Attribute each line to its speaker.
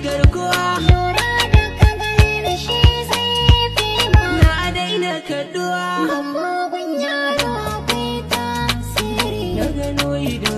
Speaker 1: garkuwa lura da kadari da shi zai fi ma na daina kaduwa amma gun yaro akwai tasiri na gano
Speaker 2: ido